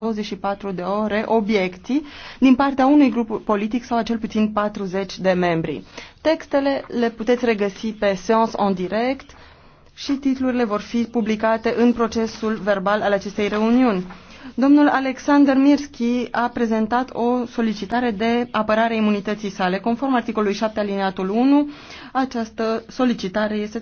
24 de ore obiecții din partea unui grup politic sau a cel puțin 40 de membri. Textele le puteți regăsi pe Seance en direct și titlurile vor fi publicate în procesul verbal al acestei reuniuni. Domnul Alexander Mirski a prezentat o solicitare de apărare a imunității sale. Conform articolului 7 alineatul 1, această solicitare este